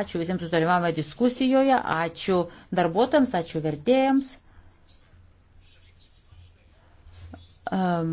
Ačiū visiems už dalyvavimą diskusijoje, ačiū darbuotojams, ačiū vertėjams. Um.